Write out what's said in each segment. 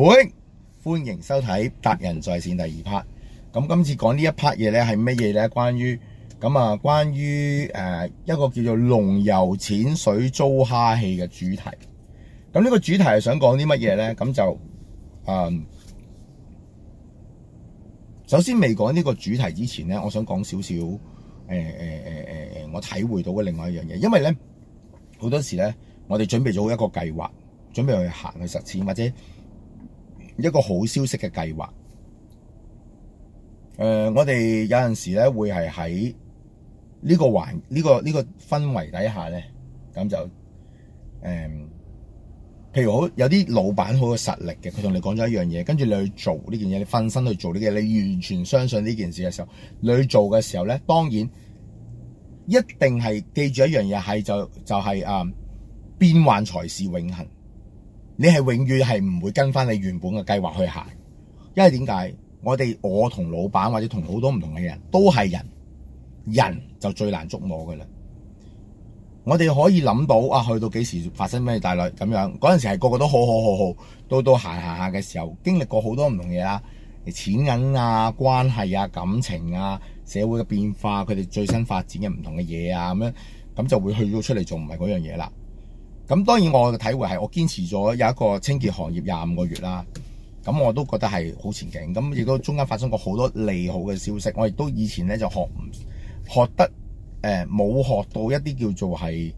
喂，歡迎收睇達仁在線第二 part。咁今次講一呢一 part 嘢咧係乜嘢咧？關於咁啊，關於誒、呃、一個叫做龍游淺水遭蝦戲嘅主題。咁呢個主題係想講啲乜嘢咧？咁就誒、嗯，首先未講呢個主題之前咧，我想講少少誒誒誒誒，我體會到嘅另外一樣嘢，因為咧好多時咧，我哋準備咗一個計劃，準備去行去實踐或者。一個好消息嘅計劃，誒、呃，我哋有陣時咧會係喺呢個環呢、這個呢、這個氛圍底下咧，咁就誒、呃，譬如好有啲老闆好有實力嘅，佢同你講咗一樣嘢，跟住你去做呢件嘢，你分身去做呢件嘢，你完全相信呢件事嘅時候，你去做嘅時候咧，當然一定係記住一樣嘢，係就就係、是、誒、啊，變幻才是永恒。你係永遠係唔會跟翻你原本嘅計劃去行，因為點解？我哋我同老闆或者同好多唔同嘅人都係人，人就最難捉摸㗎啦。我哋可以諗到啊，去到幾時發生咩大律咁樣？嗰陣時係個個都好好好好，到到行行下嘅時候，經歷過好多唔同嘢啦，錢銀啊、關係啊、感情啊、社會嘅變化，佢哋最新發展嘅唔同嘅嘢啊咁樣，咁就會去到出嚟做唔係嗰樣嘢啦。咁當然我嘅體會係，我堅持咗有一個清潔行業廿五個月啦，咁我都覺得係好前景。咁亦都中間發生過好多利好嘅消息，我亦都以前咧就學唔學得，誒、呃、冇學到一啲叫做係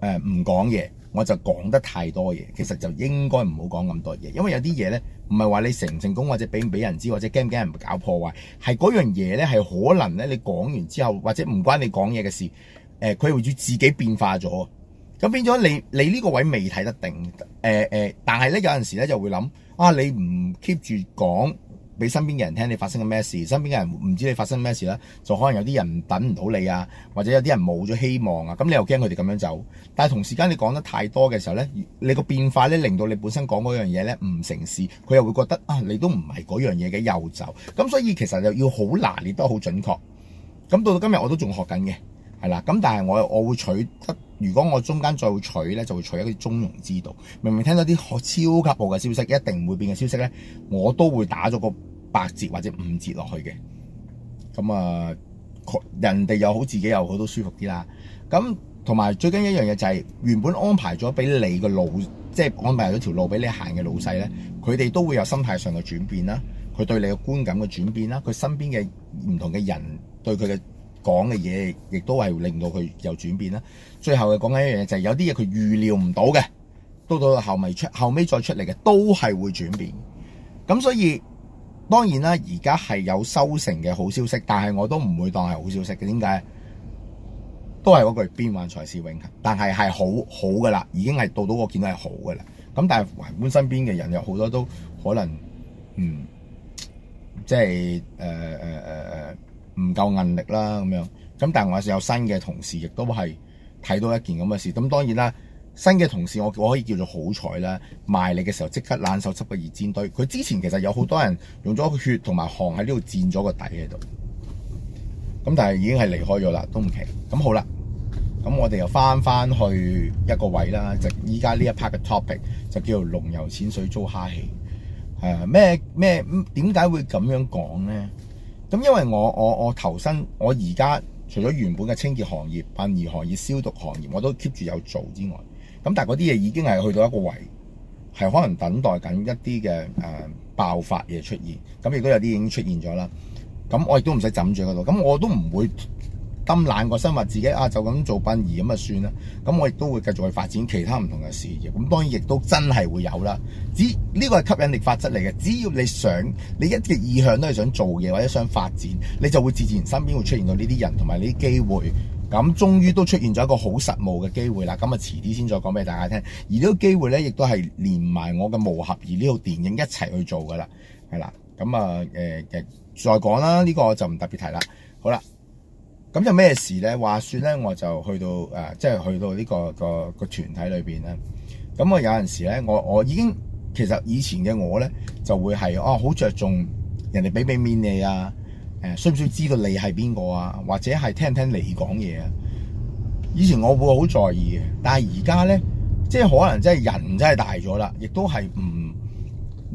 誒唔講嘢，我就講得太多嘢。其實就應該唔好講咁多嘢，因為有啲嘢咧唔係話你成唔成功或者俾唔俾人知或者驚唔驚人搞破壞，係嗰樣嘢咧係可能咧你講完之後或者唔關你講嘢嘅事。誒佢會要自己變化咗，咁變咗你你呢個位未睇得定，誒誒、呃呃，但係咧有陣時咧就會諗啊，你唔 keep 住講俾身邊嘅人聽，你發生緊咩事？身邊嘅人唔知你發生咩事咧，就可能有啲人等唔到你啊，或者有啲人冇咗希望啊。咁你又驚佢哋咁樣走，但係同時間你講得太多嘅時候咧，你個變化咧，令到你本身講嗰樣嘢咧唔成事，佢又會覺得啊，你都唔係嗰樣嘢嘅遊走咁，所以其實又要好拿捏得好準確。咁到到今日我都仲學緊嘅。係啦，咁但係我我會取得，如果我中間再會取咧，就會取一啲中庸之道。明明聽到啲超級好嘅消息，一定唔會變嘅消息咧，我都會打咗個八折或者五折落去嘅。咁啊、呃，人哋又好，自己又好，都舒服啲啦。咁同埋最緊要一樣嘢就係，原本安排咗俾你嘅路，即係安排咗條路俾你行嘅老細咧，佢哋都會有心態上嘅轉變啦，佢對你嘅觀感嘅轉變啦，佢身邊嘅唔同嘅人對佢嘅講嘅嘢，亦都係令到佢有轉變啦。最後係講緊一樣嘢就係、是、有啲嘢佢預料唔到嘅，到到後尾出後尾再出嚟嘅，都係會轉變。咁所以當然啦，而家係有收成嘅好消息，但係我都唔會當係好消息嘅。點解？都係嗰句變幻才是永恆，但係係好好噶啦，已經係到到我見到係好噶啦。咁但係環觀身邊嘅人又好多都可能，嗯，即係誒誒誒。呃呃唔夠韌力啦咁樣，咁但係我有新嘅同事，亦都係睇到一件咁嘅事。咁當然啦，新嘅同事我我可以叫做好彩啦，賣力嘅時候即刻冷手執個熱煎堆。佢之前其實有好多人用咗血同埋汗喺呢度墊咗個底喺度，咁但係已經係離開咗啦，都唔奇。咁好啦，咁我哋又翻翻去一個位啦，就依家呢一 part 嘅 topic 就叫做「龍遊淺水遭蝦戲」。啊、呃，咩咩點解會咁樣講咧？咁因為我我我投身我而家除咗原本嘅清潔行業、殯儀行業、消毒行業，我都 keep 住有做之外，咁但係嗰啲嘢已經係去到一個位，係可能等待緊一啲嘅誒爆發嘢出現，咁亦都有啲已經出現咗啦。咁我亦都唔使枕住嗰度，咁我都唔會。心懶個生話自己啊，就咁做殯儀咁啊算啦。咁我亦都會繼續去發展其他唔同嘅事業。咁當然亦都真係會有啦。只呢個係吸引力法則嚟嘅。只要你想，你一嘅意向都係想做嘢或者想發展，你就會自然身邊會出現到呢啲人同埋呢啲機會。咁終於都出現咗一個好實務嘅機會啦。咁啊，遲啲先再講俾大家聽。而呢個機會呢，亦都係連埋我嘅磨合而呢套電影一齊去做噶啦。係啦，咁啊誒，再講啦。呢個就唔特別提啦。好啦。咁就咩事咧？話説咧，我就去到誒、呃，即係去到呢、這個個個團體裏邊咧。咁我有陣時咧，我我已經其實以前嘅我咧就會係哦好着重人哋俾唔俾面你啊？誒、啊呃、需唔需要知道你係邊個啊？或者係聽唔聽你講嘢啊？以前我會好在意嘅，但係而家咧即係可能即係人真係大咗啦，亦都係唔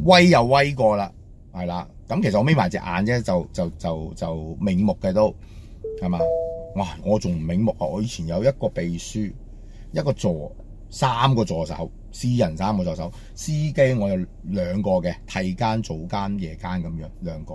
威又威過啦，係啦。咁、嗯、其實我眯埋隻眼啫，就就就就、就、就明目嘅都。係嘛？哇！我仲唔醒目啊！我以前有一個秘書，一個助，三個助手，私人三個助手，司機我有兩個嘅，替間、早間、夜間咁樣兩個。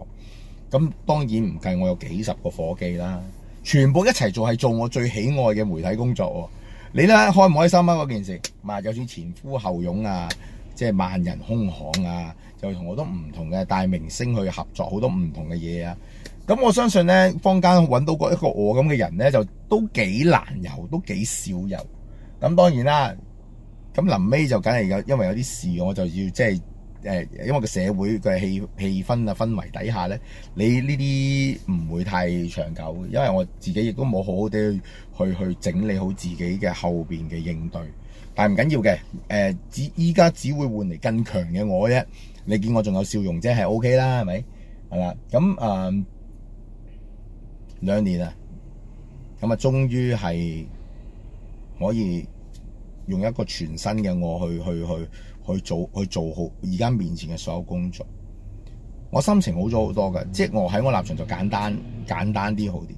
咁當然唔計，我有幾十個伙計啦，全部一齊做係做我最喜愛嘅媒體工作。你咧開唔開心啊？嗰件事，咪就算前呼後擁啊，即係萬人空巷啊，就同好多唔同嘅大明星去合作，好多唔同嘅嘢啊！咁我相信咧，坊間揾到過一個我咁嘅人咧，就都幾難有，都幾少有。咁當然啦，咁臨尾就梗係有，因為有啲事，我就要即係誒，因為個社會嘅氣氣氛啊、氛圍底下咧，你呢啲唔會太長久。因為我自己亦都冇好好地去去整理好自己嘅後邊嘅應對。但係唔緊要嘅，誒、呃、只依家只會換嚟更強嘅我啫。你見我仲有笑容啫，係 OK 啦，係咪？係啦，咁啊。嗯兩年啊，咁啊，終於係可以用一個全新嘅我去去去去做去做好而家面前嘅所有工作。我心情好咗好多嘅，即係我喺我立場就簡單簡單啲好啲。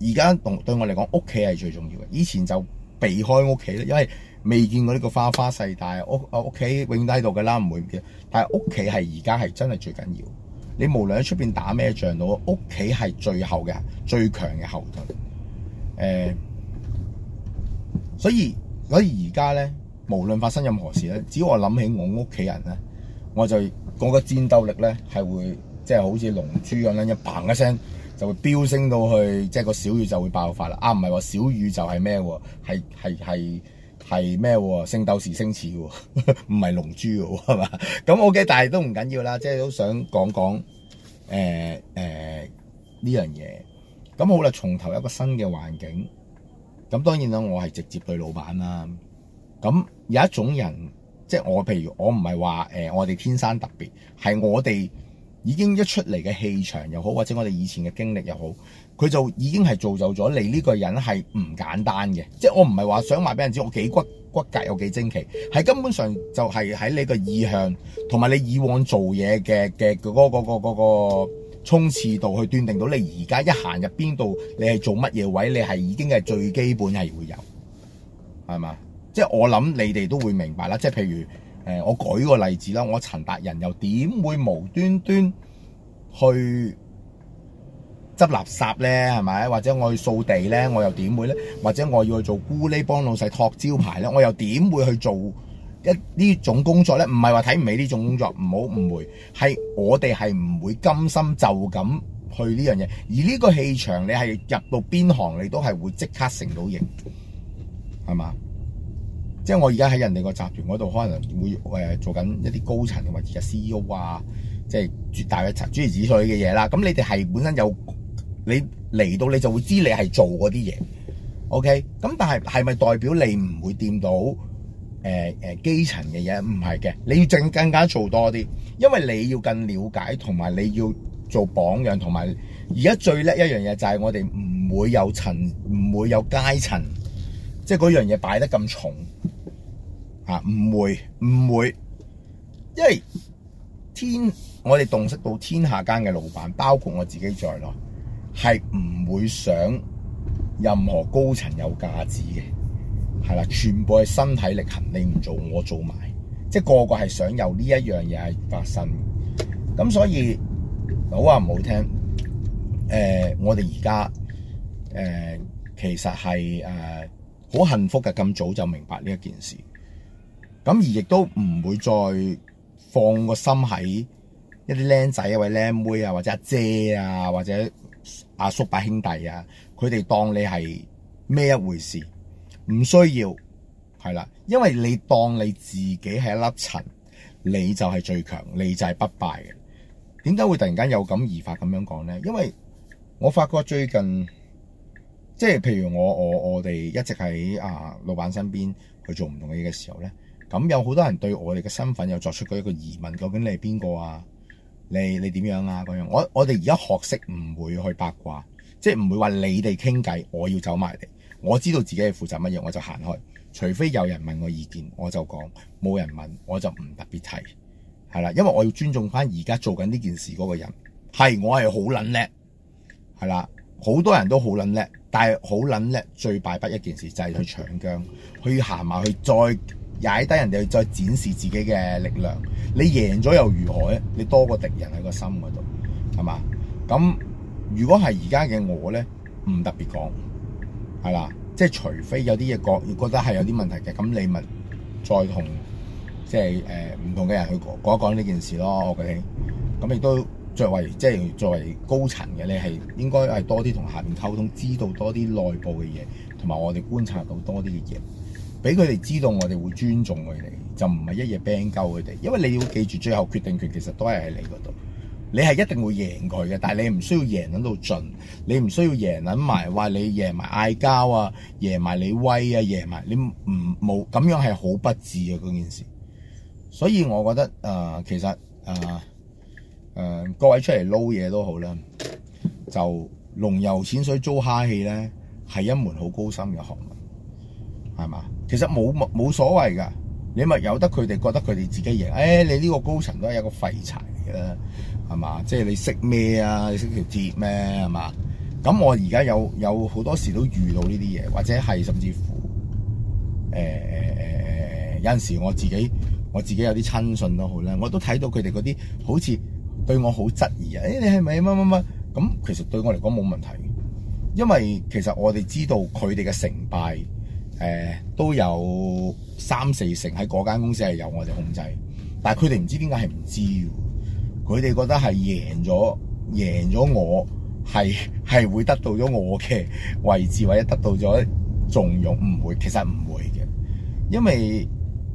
而家對我嚟講，屋企係最重要嘅。以前就避開屋企啦，因為未見過呢個花花世界。屋屋企永低度嘅啦，唔會唔記得。但係屋企係而家係真係最緊要。你無論喺出邊打咩仗到，屋企係最後嘅最強嘅後盾。誒、嗯，所以所以而家咧，無論發生任何事咧，只要我諗起我屋企人咧，我就我嘅戰鬥力咧係會即係、就是、好似龍珠咁樣一砰一聲就會飆升到去，即係個小宇宙就會爆發啦。啊，唔係話小宇宙就係咩喎？係係係。係咩？聖鬥士星矢唔係龍珠係嘛？咁 OK，但係都唔緊要啦，即係都想講講誒誒呢樣嘢。咁好啦，從頭一個新嘅環境。咁當然啦，我係直接對老闆啦。咁有一種人，即係我，譬如我唔係話誒，我哋天生特別，係我哋已經一出嚟嘅氣場又好，或者我哋以前嘅經歷又好。佢就已經係造就咗你呢個人係唔簡單嘅，即係我唔係話想話俾人知我幾骨骨格有幾精奇，係根本上就係喺你個意向同埋你以往做嘢嘅嘅嗰個嗰個嗰個個衝刺度去斷定到你而家一行入邊度，你係做乜嘢位，你係已經係最基本係會有，係嘛？即係我諗你哋都會明白啦。即係譬如誒，我舉個例子啦，我陳達仁又點會無端端去？執垃圾咧，係咪？或者我去掃地咧，我又點會咧？或者我要去做咕喱幫老細托招牌咧，我又點會去做一呢種工作咧？唔係話睇唔起呢種工作，唔好誤會。係我哋係唔會甘心就咁去呢樣嘢。而呢個氣場，你係入到邊行，你都係會即刻成到型，係嘛？即係我而家喺人哋個集團嗰度，可能會誒、呃、做緊一啲高層或者而家 CEO 啊，即係絕大嘅層諸如此類嘅嘢啦。咁你哋係本身有。你嚟到你就會知你係做嗰啲嘢，OK？咁但係係咪代表你唔會掂到誒誒、呃呃、基層嘅嘢？唔係嘅，你要正更加做多啲，因為你要更了解同埋你要做榜樣，同埋而家最叻一樣嘢就係我哋唔會有層，唔會有階層，即係嗰樣嘢擺得咁重啊！唔會唔會，因為天我哋洞悉到天下間嘅老闆，包括我自己在內。係唔會想任何高層有價值嘅，係啦，全部係身體力行，你唔做我做埋，即係個個係想有呢一樣嘢係發生。咁所以好話唔好聽，誒、呃，我哋而家誒，其實係誒好幸福嘅，咁早就明白呢一件事，咁而亦都唔會再放個心喺一啲靚仔啊、位靚妹啊、或者阿姐啊、或者、或者阿叔、伯兄弟啊，佢哋當你係咩一回事？唔需要係啦，因為你當你自己係一粒塵，你就係最強，你就係不敗嘅。點解會突然間有感而發咁樣講呢，因為我發覺最近，即係譬如我我我哋一直喺啊老闆身邊去做唔同嘅嘢嘅時候呢，咁有好多人對我哋嘅身份又作出過一個疑問：究竟你係邊個啊？你你點樣啊？咁樣，我我哋而家學識唔會去八卦，即係唔會話你哋傾偈，我要走埋嚟。我知道自己係負責乜嘢，我就行開。除非有人問我意見，我就講；冇人問，我就唔特別提。係啦，因為我要尊重翻而家做緊呢件事嗰個人。係，我係好撚叻，係啦，好多人都好撚叻，但係好撚叻最敗筆一件事就係去搶姜，去行埋去再踩低人哋去再展示自己嘅力量。你贏咗又如何咧？你多個敵人喺個心嗰度，係嘛？咁如果係而家嘅我咧，唔特別講，係啦，即係除非有啲嘢覺覺得係有啲問題嘅，咁你咪再、就是呃、同即係誒唔同嘅人去講講一講呢件事咯。我覺得，咁亦都作為即係作為高層嘅你係應該係多啲同下面溝通，知道多啲內部嘅嘢，同埋我哋觀察到多啲嘅嘢，俾佢哋知道我哋會尊重佢哋。就唔係一夜 band 佢哋，因為你要記住，最後決定權其實都係喺你嗰度，你係一定會贏佢嘅，但係你唔需要贏撚到盡，你唔需要贏撚埋話你贏埋嗌交啊，贏埋你威啊，贏埋你唔冇咁樣係好不智嘅嗰件事。所以我覺得誒、呃，其實誒誒、呃呃、各位出嚟撈嘢都好啦，就龍遊淺水租蝦戲咧，係一門好高深嘅學問，係嘛？其實冇冇所謂㗎。你咪由得佢哋覺得佢哋自己贏？誒、哎，你呢個高層都係一個廢柴嚟嘅，啦，係嘛？即係你識咩啊？你識條鐵咩？係嘛？咁我而家有有好多時都遇到呢啲嘢，或者係甚至乎誒、哎、有陣時我自己我自己有啲親信都好咧，我都睇到佢哋嗰啲好似對我好質疑啊！誒、哎，你係咪乜乜乜？咁其實對我嚟講冇問題，因為其實我哋知道佢哋嘅成敗。誒，都有三四成喺嗰間公司係由我哋控制，但係佢哋唔知點解係唔知，佢哋覺得係贏咗，贏咗我係係會得到咗我嘅位置或者得到咗重用，唔會，其實唔會嘅，因為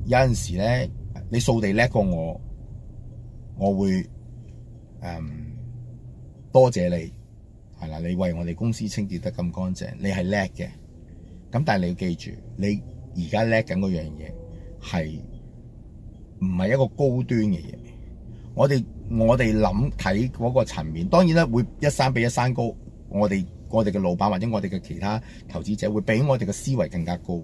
有陣時咧，你掃地叻過我，我會誒、嗯、多謝你，係啦，你為我哋公司清潔得咁乾淨，你係叻嘅。咁但係你要記住，你而家叻緊嗰樣嘢係唔係一個高端嘅嘢？我哋我哋諗睇嗰個層面，當然啦，會一山比一山高。我哋我哋嘅老闆或者我哋嘅其他投資者會比我哋嘅思維更加高。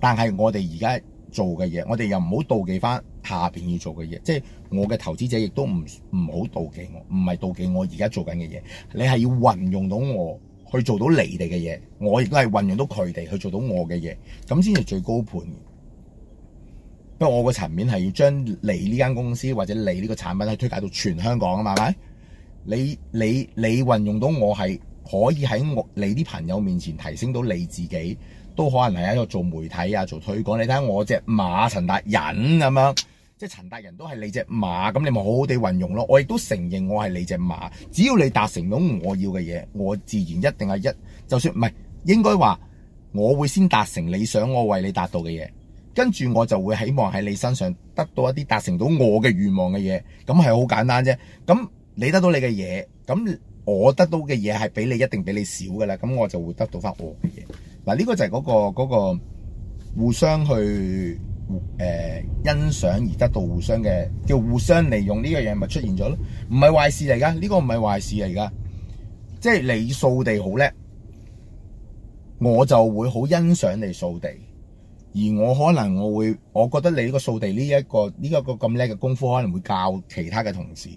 但係我哋而家做嘅嘢，我哋又唔好妒忌翻下邊要做嘅嘢。即係我嘅投資者亦都唔唔好妒忌我，唔係妒忌我而家做緊嘅嘢。你係要運用到我。去做到你哋嘅嘢，我亦都係運用到佢哋去做到我嘅嘢，咁先至最高盤。不過我個層面係要將你呢間公司或者你呢個產品去推介到全香港啊嘛，係咪？你你你運用到我係可以喺我你啲朋友面前提升到你自己，都可能係喺度做媒體啊，做推廣。你睇下我隻馬陳達仁咁樣。即係陳達仁都係你隻馬，咁你咪好好地運用咯。我亦都承認我係你隻馬，只要你達成到我要嘅嘢，我自然一定係一，就算唔係，應該話我會先達成你想我為你達到嘅嘢，跟住我就會希望喺你身上得到一啲達成到我嘅願望嘅嘢，咁係好簡單啫。咁你得到你嘅嘢，咁我得到嘅嘢係比你一定比你少噶啦，咁我就會得到翻我嘅嘢。嗱，呢個就係嗰個嗰個互相去。誒，欣賞而得到互相嘅叫互相利用呢個嘢，咪出現咗咯？唔係壞事嚟噶，呢、呢個唔係壞事嚟噶，即係你掃地好叻，我就會好欣賞你掃地，而我可能我會，我覺得你呢個掃地呢、呢、一個呢一、呢個咁叻嘅功夫，可能會教其他嘅同事。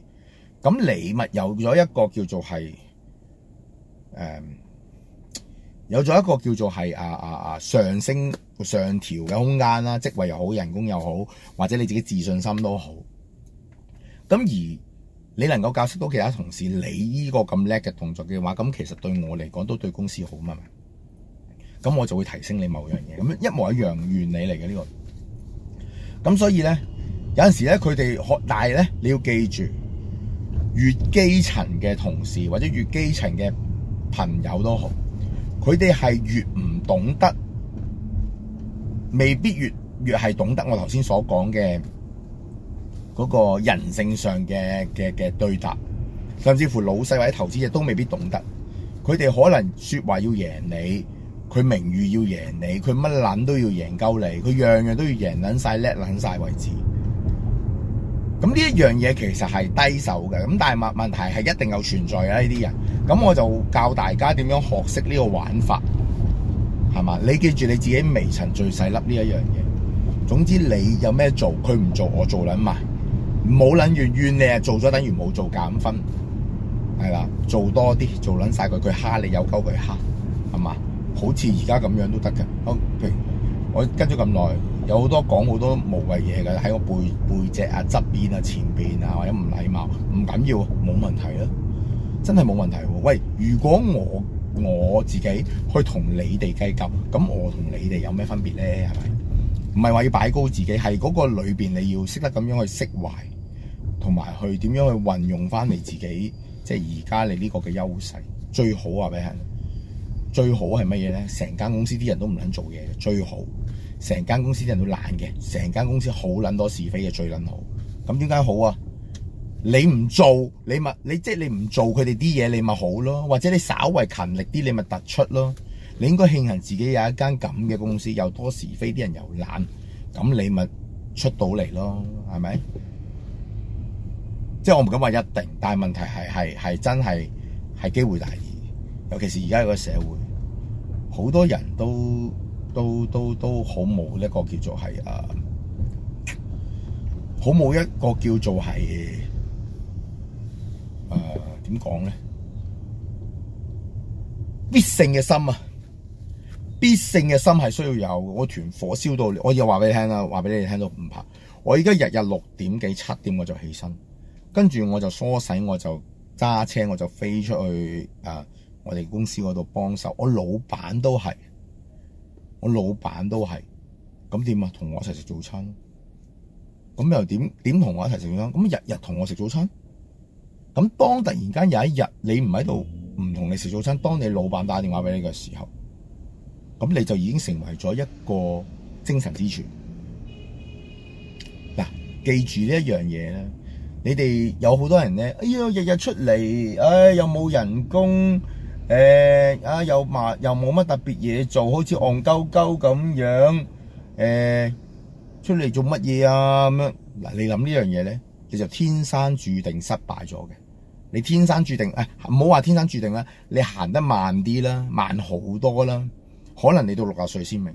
咁你咪有咗一個叫做係誒。嗯有咗一個叫做係啊啊啊上升上調嘅空間啦，職位又好，人工又好，或者你自己自信心都好。咁而你能夠教識到其他同事你呢個咁叻嘅動作嘅話，咁其實對我嚟講都對公司好嘛。咁我就會提升你某樣嘢，咁一模一樣原理嚟嘅呢個。咁所以咧，有陣時咧，佢哋學但係咧，你要記住，越基層嘅同事或者越基層嘅朋友都好。佢哋係越唔懂得，未必越越係懂得我頭先所講嘅嗰個人性上嘅嘅嘅對答，甚至乎老細或者投資者都未必懂得。佢哋可能説話要贏你，佢名譽要贏你，佢乜撚都要贏夠你，佢樣樣都要贏撚晒叻撚曬為止。咁呢一樣嘢其實係低手嘅，咁但係問問題係一定有存在嘅呢啲人。咁我就教大家點樣學識呢個玩法，係嘛？你記住你自己微塵最細粒呢一樣嘢。總之你有咩做，佢唔做，我做撚埋。唔好撚怨怨，怨你啊，做咗等於冇做減分。係啦，做多啲，做撚晒佢，佢蝦你有鳩佢蝦，係嘛？好似而家咁樣都得嘅。我譬如我跟咗咁耐，有好多講好多無謂嘢嘅，喺我背背脊啊、側邊啊、前邊啊，或者唔禮貌，唔緊要，冇問題啦。真係冇問題喎！喂，如果我我自己去同你哋計較，咁我同你哋有咩分別呢？係咪？唔係話要擺高自己，係嗰個裏邊你要識得咁樣去釋懷，同埋去點樣去運用翻你自己，即係而家你呢個嘅優勢。最好啊，俾佢，最好係乜嘢呢？成間公司啲人都唔撚做嘢，最好；成間公司啲人都懶嘅，成間公司好撚多是非嘅，最撚好。咁點解好啊？你唔做，你咪你即係你唔做佢哋啲嘢，你咪好咯。或者你稍為勤力啲，你咪突出咯。你應該慶幸自己有一間咁嘅公司，又多是非，啲人又懶，咁你咪出到嚟咯，係咪？即係我唔敢話一定，但係問題係係係真係係機會大，尤其是而家個社會，好多人都都都都好冇一個叫做係誒、啊，好冇一個叫做係。誒，點講咧？必勝嘅心啊，必勝嘅心係需要有。我團火燒到，我又話俾你聽啦，話俾你哋聽都唔怕。我而家日日六點幾、七點我就起身，跟住我就梳洗，我就揸車，我就飛出去誒、啊，我哋公司嗰度幫手。我老闆都係，我老闆都係，咁點啊？同我一齊食早餐，咁又點？點同我一齊食早餐？咁日日同我食早餐？咁當突然間有一日你唔喺度，唔同你食早餐，當你老闆打電話俾你嘅時候，咁你就已經成為咗一個精神支柱。嗱、啊，記住呢一樣嘢咧，你哋有好多人咧，哎呀日日出嚟，唉、哎、又冇人工，誒、呃、啊又麻又冇乜特別嘢做，好似戇鳩鳩咁樣，誒、呃、出嚟做乜嘢啊？咁樣嗱，你諗呢樣嘢咧，你就天生注定失敗咗嘅。你天生注定，唔好話天生注定啦，你行得慢啲啦，慢好多啦，可能你到六十歲先明，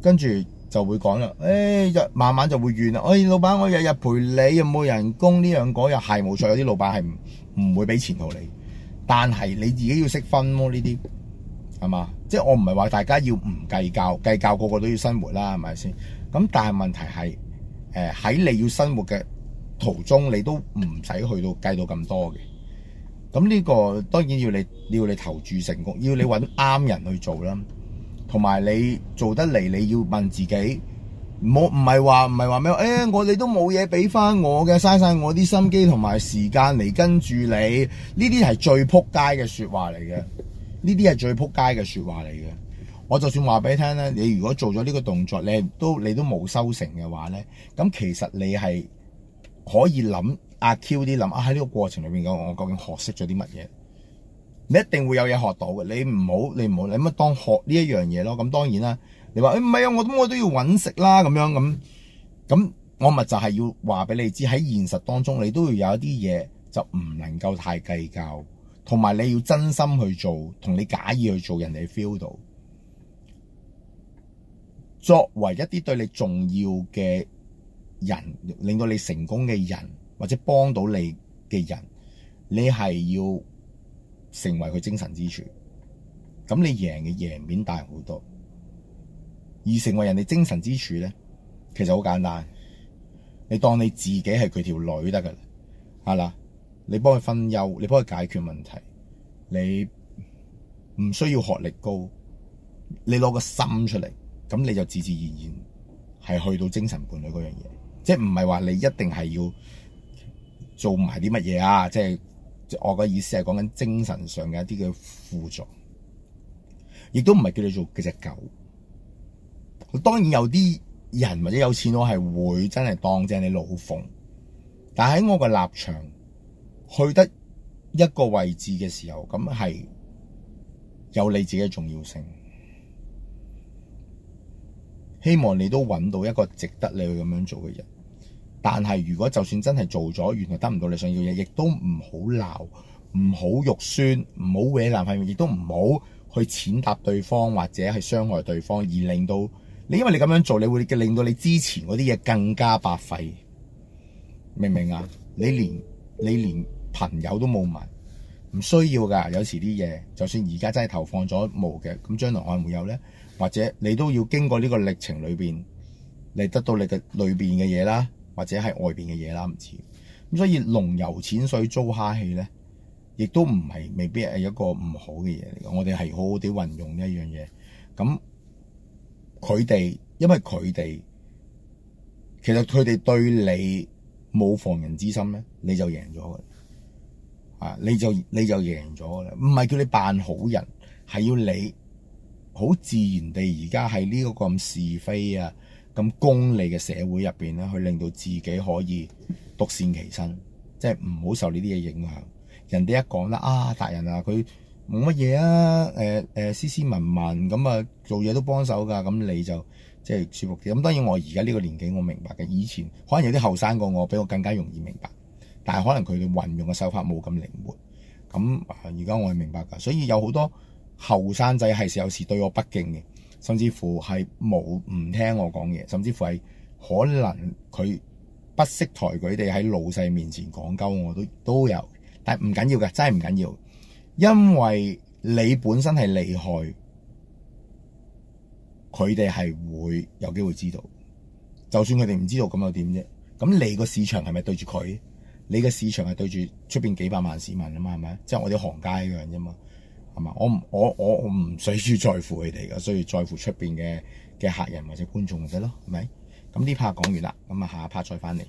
跟住就會講啦，誒、哎，就慢慢就會怨啦。誒、哎，老闆，我日日陪你又冇人工呢樣嗰樣，係冇錯，有啲老闆係唔會俾錢到你，但係你自己要識分咯，呢啲係嘛？即係我唔係話大家要唔計較，計較個個都要生活啦，係咪先？咁但係問題係，誒喺你要生活嘅。途中你都唔使去到計到咁多嘅，咁呢個當然要你要你投注成功，要你搵啱人去做啦，同埋你做得嚟，你要問自己，冇唔係話唔係話咩？誒、哎，我你都冇嘢俾翻我嘅，嘥晒我啲心機同埋時間嚟跟住你，呢啲係最撲街嘅説話嚟嘅，呢啲係最撲街嘅説話嚟嘅。我就算話俾你聽啦，你如果做咗呢個動作，你都你都冇收成嘅話咧，咁其實你係。可以諗阿 Q 啲諗啊，喺呢個過程裏面，我我究竟學識咗啲乜嘢？你一定會有嘢學到嘅。你唔好，你唔好，你咪當學呢一樣嘢咯。咁、嗯、當然啦，你話誒唔係啊，我都我都要搵食啦，咁樣咁咁，我咪就係要話俾你知，喺現實當中，你都要有一啲嘢就唔能夠太計較，同埋你要真心去做，同你假意去做，人哋 feel 到，作為一啲對你重要嘅。人令到你成功嘅人，或者幫到你嘅人，你係要成為佢精神支柱。咁你贏嘅贏面大好多。而成為人哋精神支柱咧，其實好簡單。你當你自己係佢條女得噶啦，係啦，你幫佢分憂，你幫佢解決問題，你唔需要學歷高，你攞個心出嚟，咁你就自自然然係去到精神伴侶嗰樣嘢。即係唔係話你一定係要做唔埋啲乜嘢啊？即係我個意思係講緊精神上嘅一啲嘅輔助，亦都唔係叫你做嗰隻狗。當然有啲人或者有錢佬係會真係當正你老鳳。但喺我個立場，去得一個位置嘅時候，咁係有你自己嘅重要性。希望你都揾到一個值得你去咁樣做嘅人。但係，如果就算真係做咗，原來得唔到你想要嘅嘢，亦都唔好鬧，唔好肉酸，唔好搲爛塊面，亦都唔好去踐踏對方或者係傷害對方，而令到你因為你咁樣做，你會令到你之前嗰啲嘢更加白費。明唔明啊？你連你連朋友都冇埋，唔需要㗎。有時啲嘢就算而家真係投放咗冇嘅，咁將來可能會有呢，或者你都要經過呢個歷程裏邊，你得到你嘅裏邊嘅嘢啦。或者係外邊嘅嘢啦，唔似。咁，所以龍遊淺水、遭蝦戲咧，亦都唔係未必係一個唔好嘅嘢嚟。我哋係好好地運用呢一樣嘢。咁佢哋，因為佢哋其實佢哋對你冇防人之心咧，你就贏咗㗎啦。啊，你就你就贏咗㗎啦。唔係叫你扮好人，係要你好自然地而家喺呢一個咁是非啊、咁功利嘅社會入邊咧，去令到自己可以獨善其身，即係唔好受呢啲嘢影響。人哋一講咧啊，達仁啊，佢冇乜嘢啊，誒誒斯斯文文咁啊，做嘢都幫手㗎，咁你就即係、就是、舒服啲。咁當然我而家呢個年紀，我明白嘅。以前可能有啲後生過我，比我更加容易明白，但係可能佢哋運用嘅手法冇咁靈活。咁而家我係明白㗎，所以有好多後生仔係時有時對我不敬嘅。甚至乎係冇唔聽我講嘢，甚至乎係可能佢不識抬舉地喺老細面前講鳩，我都都有，但係唔緊要嘅，真係唔緊要，因為你本身係厲害，佢哋係會有機會知道。就算佢哋唔知道咁又點啫？咁你個市場係咪對住佢？你個市場係對住出邊幾百萬市民啊嘛，係咪？即係我哋行街咁樣啫嘛。係嘛？我唔我我我唔需要在乎佢哋㗎，所以在乎出邊嘅嘅客人或者觀眾就得咯，係咪？咁呢 part 講完啦，咁啊下 part 再翻嚟。